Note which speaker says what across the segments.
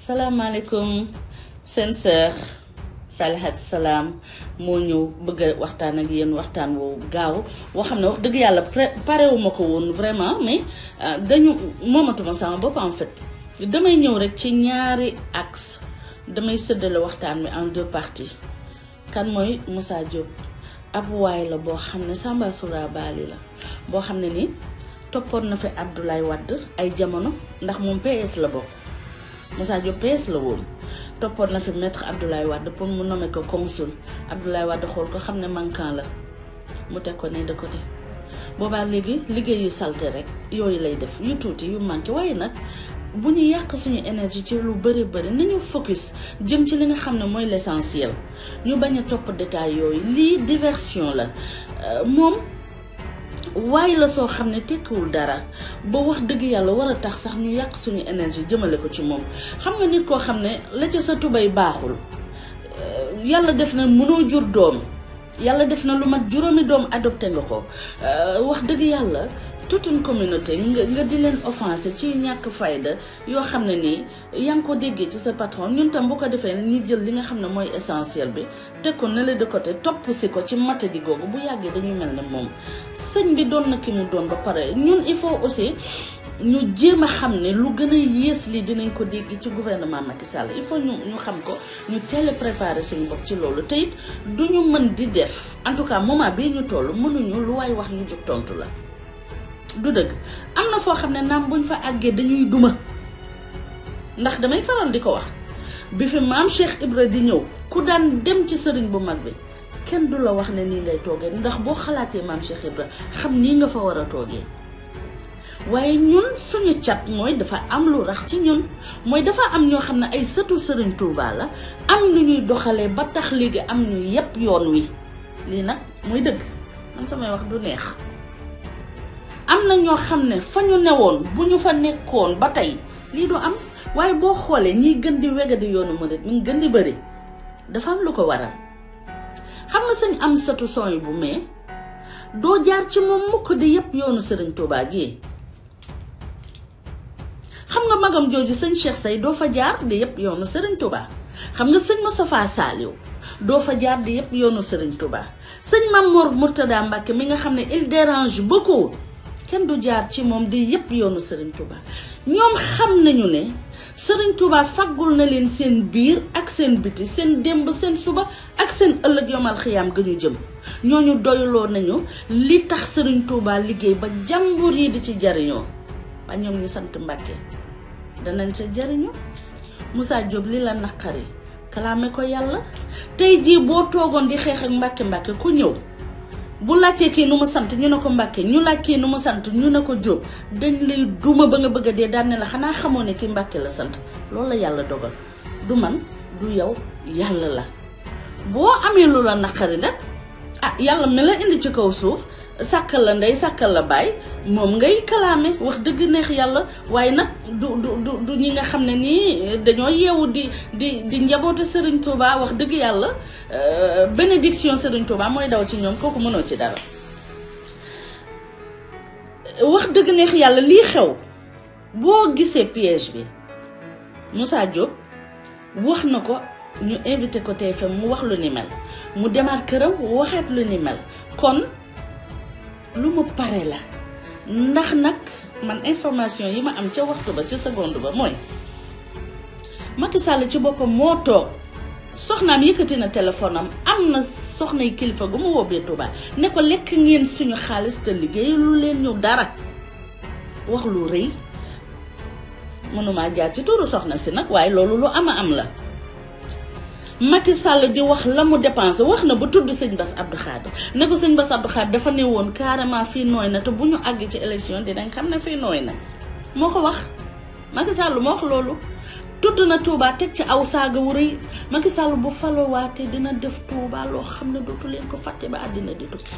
Speaker 1: Assalamualaikum, sen sœur Salihat Salam mo ñu bëgg waxtaan ak yeen waxtaan woo gaaw wo xamne wax dëgg paré wu mako woon vraiment mais euh, dañu moomatuma sama bop en fait damay ñëw rek ci ñaari axe damay sëddale waxtaan mi en deux parties kan moy Moussa Diop ab way la bo xamne Samba Soura Bali la bo xamne ni toppoon na fi Abdoulaye Wade ay jamono ndax mom PS la bokk message Diop PS la woon toppoon na fi maître Abdoulaye Wade pour mu nommé ko consul Abdoulaye Wade xool ko xam ne manquant la mu teg ko ne de côté boobaa léegi liggéey yu salte rek yooyu lay def yu tuuti yu manqué waaye nag bu ñu yàq suñu énergie ci lu bëri bëri nañu focus jëm ci li nga xam ne mooy l'essentiel ñu bañ a topp détail yooyu lii diversion la euh, moom waaye la soo xam ne tekkiwul dara ba wax dëgg yàlla war a tax sax ñu yàq suñu énergie jëmale ko ci moom xam nga nit koo xam ne la ca sa tubay baaxul euh, yàlla def na mënoo jur doom yàlla def na lu mat juróomi doom adopté nga ko euh, wax dëgg yàlla toute une communauté nga nga di leen offensé ci ñàkk fayda yoo xam ne nii yaa ngi ko déggee ci sa patron ñun tam bu ko defee ñu jël li nga xam ne mooy essentiel bi teg ko ne de côté topp ko ci matadi googu bu yàggee dañu mel ne moom sëñ bi doon nag ki mu doon ba pare ñun il faut aussi ñu jéem a xam ne lu gën a yées lii dinañ ko dégg ci gouvernement Macky Sall il faut ñu ñu xam ko ñu teel a préparé suñu bopp ci loolu te it du ñu mën di def en tout cas moment bii ñu toll mënuñu lu waay wax ñu jóg tontu la. du dëgg am na foo xam ne naam buñ fa àggee dañuy duma ndax damay faral di ko wax bi fi maam Cheikh Ibra di ñëw ku daan dem ci sëriñ bu mag bi kenn du la wax ne nii ngay toogee ndax boo xalaatee maam Cheikh Ibra xam nii nga fa war a toogee waaye ñun suñu cat mooy dafa am lu rax ci ñun mooy dafa am ñoo xam ne ay sëtu sëriñ Touba la am lu ñuy doxalee ba tax léegi am ñu yépp yoon wi lii nag mooy dëgg man samay wax du neex. am na ñoo xam ne fa ñu woon bu ñu fa nekkoon ba tey lii du am waaye boo xoolee ñi gën di wegadi yoonu murit mu ngi gën di bëri dafa am lu ko waral xam nga sëñ am satu son bu mais doo jaar ci moom yoonu sëriñ Touba gi xam nga magam jooju sëñ Cheikh Say doo fa jaar di yépp yoonu sëriñ Touba xam nga sëñ Moustapha Saliou doo fa jaar di yépp yoonu sëriñ Touba sëñ Mamour Mourtada Mbacke mi nga xam ne il dérange beaucoup kenn du jaar ci moom di yëpp yoonu Serigne Touba ñoom xam nañu ne sëriñ Touba faggul na leen seen biir ak seen biti seen démb seen suba ak seen ëllëg yomal xiyaam gañu ñu jëm ñooñu doyloo nañu li tax sëriñ Touba liggéey ba jàmbur yi di ci jariñoo ba ñoom ñu sant Mbàkke danañ ca jariñu Moussa Diop li la naqari kalaame ko yàlla tey jii boo toogoon di xeex ak Mbàkke Mbàkke ku ñëw bu laajtee kii nu mu sant ñu ne ko Mbàkke ñu laaj nu mu sant ñu ne ko Jóob dañ lay duma ba nga bëgg a dee daan ne la xanaa xamoo ne kii Mbàkke la sant loolu la yàlla dogal du man du yow yàlla la boo amee lu la naqari nag ah yàllam mi la indi ci kaw suuf sàkkal la ndey sàkkal la baay moom ngay kalaame wax dëgg neex yàlla waaye nag du du du ñi nga xam ne nii dañoo yeewu di di di njabootu Serigne Touba wax dëgg yàlla euh, bénédiction Serigne Touba mooy daw ci ñoom kooku mënoo ci dara wax dëgg neex yàlla lii xew boo gisee piège bi Moussa Diop wax na ko ñu invité ko TFM mu wax lu ni mel mu demaat këram waxaat lu ni mel kon. lu mu pare la ndax nag man information yi ma am ca waxtu ba ca seconde ba mooy Macky Sall ci boppam moo toog soxnaam yëkkati na téléphone am na soxna kilifa gu mu woobee Touba ne ko lekk ngeen suñu xaalis te liggéey lu leen ñu dara wax lu rëy mënumaa jaar ci tuuru soxna si nag waaye loolu lu ama am la Macky Sall di wax la mu dépensé wax na ba tudd sëñ Bass Abdou Khadre ne ko sëñ Bass Abdou Khadre dafa ne woon carrément fii nooy na te bu ñu àgg ci di dinañ xam ne fii nooy na moo ko wax Macky Sall moo wax loolu tudd na Touba teg ci aw saaga wu rëy Macky Sall bu falowaatee dina def Touba loo xam ne dootu leen ko fàtte ba àddina di tukki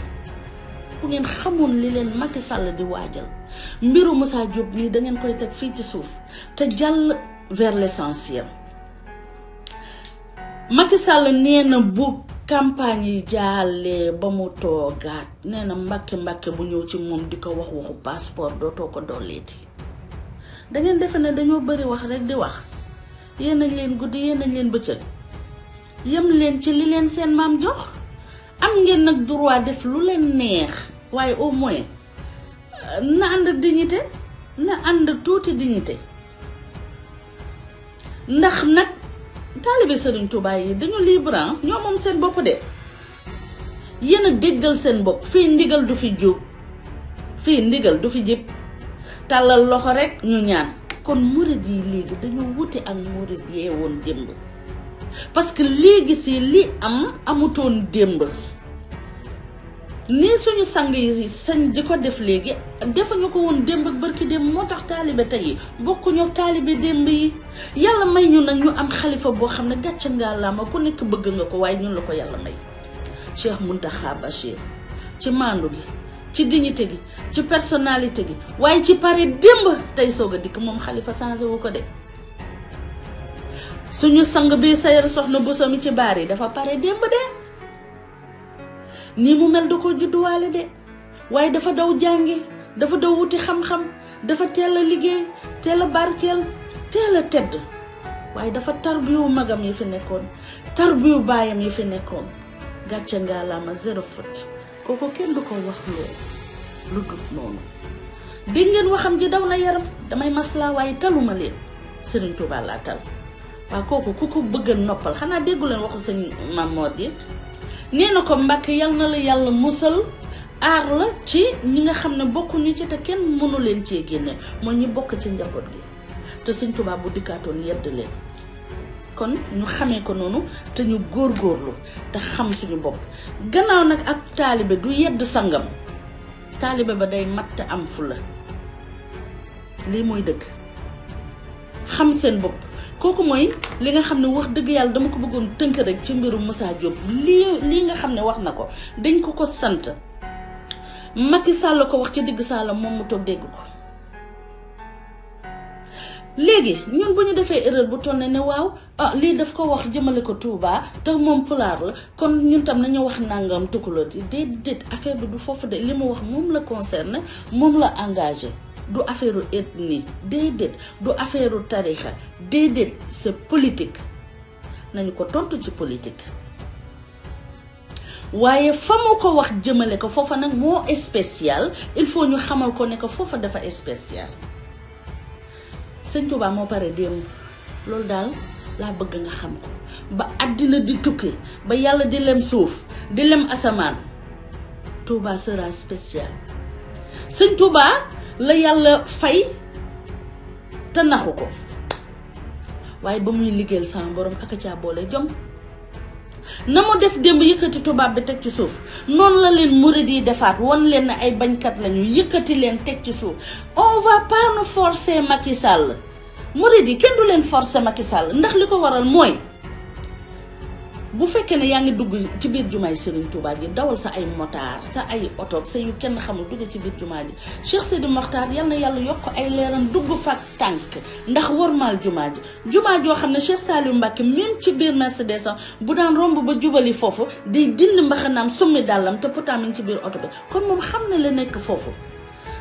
Speaker 1: bu ngeen xamoon li leen Macky Sall di waajal mbiru Moussa Diop nii da ngeen koy teg fii ci suuf te jàll vers l'essentiel Macky Sall nee na bu campagne yi jàllee ba mu toogaat nee na mbàkke mbàkke bu ñëw ci moom di ko wax waxu passeport dootoo ko dolleeti da ngeen defe na dañoo bari wax rek di wax yéen nañ leen guddi yéen nañ leen bëccëg yëm leen ci li leen seen maam jox am ngeen nag droit def lu leen neex waaye au moins euh, na ànd ak na ànd tuuti dignité ndax nag. taalibe Serigne Touba yi dañu libre ah. ñoo moom seen bopp de yéen a déggal seen bopp fi ndigal du fi jóg fii ndigal du fi jib tàllal loxo rekk ñu ñaan kon murid yi léegi dañu wuti ak murid yee woon démb parce que léegi si li am amutoon démb lii suñu sang yi sañ di ko def léegi defuñu ko woon démb ak barki démb moo tax taalibe tey yi bokkuñu ak démb yi yàlla may ñu nag ñu am xalifa boo xam ne gàcce ngaa laa ma ku nekk bëgg nga ko waaye ñun la ko yàlla may Cheikh Mountakha Bachir ci maandu gi ci dignité gi ci personnalité gi waaye ci pare démb tey soog a dikk moom xalifa changé wu ko de suñu sang bi sa sayar soxna bosami ci baar yi dafa pare démb de nii mu mel du ko judduwaale de waaye dafa daw jànge dafa daw wuti xam-xam dafa teel a liggéey teel a barkeel teel a tedd waaye dafa tarbiyu magam yi fi nekkoon tarbiyu baayam yi fi nekkoon gàcce ngaa laa ma zéro faute kooku kenn du ko wax loolu lu dul noonu dégg waxam ji daw la yaram damay maslaa waaye taluma leen Serigne Touba laa tal waaw kooku ku ko bëgg noppal xanaa déggu leen waxu sëñ Maam Mor nee na ko Mbàkke yal na la yàlla musal aar la ci ñi nga xam ne bokkuñu ci te kenn mënu leen cee génne mooy ñi bokk ci njaboot gi te Sëñ tubaab bu dikkaatoon yedd leen kon ñu xamee ko noonu te ñu góor góorlu te xam suñu bopp gannaaw nag ak taalibe du yedd sàngam taalibe ba day te am fu lii mooy dëkk xam seen bopp kooku mooy li nga xam ne wax dëgg yàlla dama ko bëggoon tënk rek ci mbiru Moussa Diop lii lii nga xam ne wax na ko dañ ko ko sant Macky Sall ko wax ci digg Sall moom mu toog dégg ko. léegi ñun bu ñu defee erreur bu toll ne waaw ah lii daf ko wax jëmale ko Touba te moom pulaar la kon ñun tam nañu wax nangam tukulóot yi déedéet affaire bi du foofu de li mu wax moom la concerné moom la engagé. du affaireu ethnie déedéet du affaireu tarixa déedéet c'est politik nañu ko tontu ci politik waaye fa mu ko wax jëmale ko foofa nag moo spécial il faut ñu xamal ko ne ko foofa dafa spécial sëñ Tuubaa moo pare démb loolu daal laa bëgg nga xam ko ba àddina di tukki ba yàlla di lem suuf di lem asamaan Tuubaa sera spécial sëñ Tuubaa la yàlla fay te naxu ko waaye ba muy liggéeyal sama borom ak caa boole jom na mu def démb yëkkati tubaab bi teg ci suuf noonu la leen murid defaat wan leen ne ay bañkat lañu yëkkati leen teg ci suuf on va pas nous forcer Macky Sall murid yi kenn du leen forcer Macky Sall ndax li ko waral mooy. bu fekkee ne yaa ngi dugg ci biir jumaay Serigne Touba ji dawal sa ay motard sa ay oto sa yu kenn xamul dugg ci biir jumaa ji Cheikh Sidi Mokhtar yal na yàlla yokk ay leeram dugg fa tànk ndax warmaal jumaa ji jumaa joo xam ne Cheikh Saliou Mbacké même ci biir Mercedes am bu daan romb ba jubali foofu di dindi mbaxanaam summi dàllam te pourtant mi ngi ci biir oto bi kon moom xam ne la nekk foofu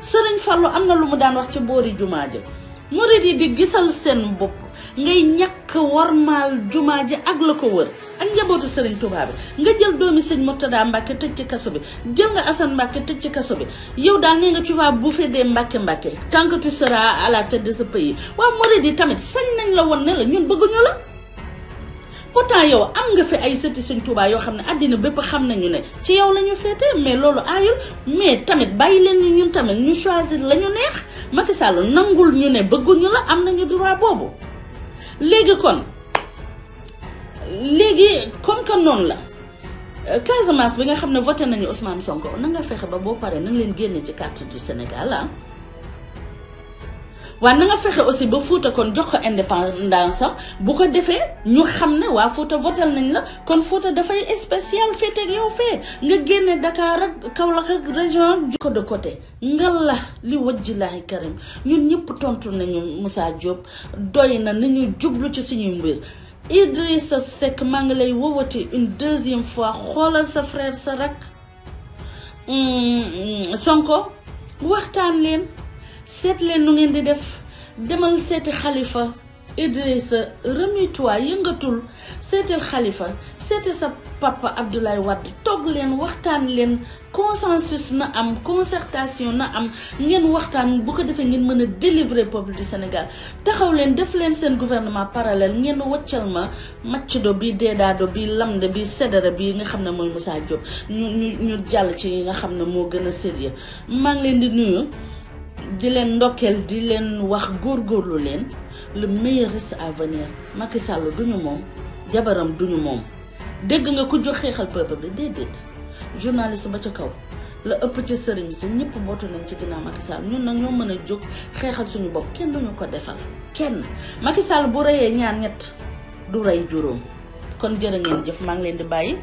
Speaker 1: Serigne Fallou am na lu mu daan wax ci boori jumaa ji murid yi di gisal seen bopp ngay war warmaal jumaa ji ak la ko wër ak njabootu Serigne tubaab bi nga jël doomi sëñ daa Mbàkke tëj ci kaso bi jël nga Assane Mbàkke tëj ci kaso bi yow daal nee nga tu vas bouffer des Mbàkke Mbàkke tant que tu seras de ce pays waaw Mouride yi tamit sañ nañ la woon ne la ñun bëgguñu la pourtant yow am nga fi ay sëti sëñ Touba yoo xam ne àddina bépp xam nañu ne ci yow la ñu féete mais loolu aayul mais tamit bàyyi leen ñu ñun tamit ñu choisir la ñu neex Macky Sall nangul ñu ne bëgguñu la am nañu droit boobu léegi kon léegi comme que noonu la Casamance bi nga xam ne voté nañu Ousmane Sonko na nga fexe ba boo paree na leen génne ci carte du Sénégal ah. waaw na nga fexe aussi ba Fouta kon jox ko indépendance am bu ko defee ñu xam ne waa Fouta votal nañ la kon Fouta dafay spécial féete ak yow fee nga génne Dakar ak Kaolack ak région ko de côté nga la li wajjilaahi karim ñun ñëpp tontu nañu Moussa Diop doy na ni jublu ci suñuy mbir sa Seck maa ngi lay wowati une deuxième fois xoolal sa frère sa rak hmm, hmm, Sonko waxtaan leen seet leen nu ngeen di def demal seeti xalifa Idrissa remue-toi yëngatul seetal xalifa seetal sa papa Abdoulaye Wade togg leen waxtaan leen consensus na am concertation na am ngeen waxtaan bu ko defee ngeen mën a délivrer peuple du Sénégal taxaw leen def leen seen gouvernement parallèle ngeen waccal ma Macedo bi Dedaado bi Lamde bi Sédara bi nga xam ne mooy Moussa Diop ñu ñu ñu jàll ci yi nga xam ne moo gën a sérieux maa ngi leen di nuyu di leen ndokkeel di leen wax góor góorlu leen le meilleur reste à venir Macky Sall duñu moom jabaram du ñu moom dégg nga ko jox xeexal peuple bi déedéet journaliste ba ca kaw la ëpp ca sëriñ si ñëpp bootu nañ ci ginnaaw Macky Sall ñun nag ñoo mën a jóg xeexal suñu bopp kenn duñu ko defal kenn Macky Sall bu reyee ñaar ñett du rey juróom kon jërë ngeen jëf maa ngi leen di bàyyi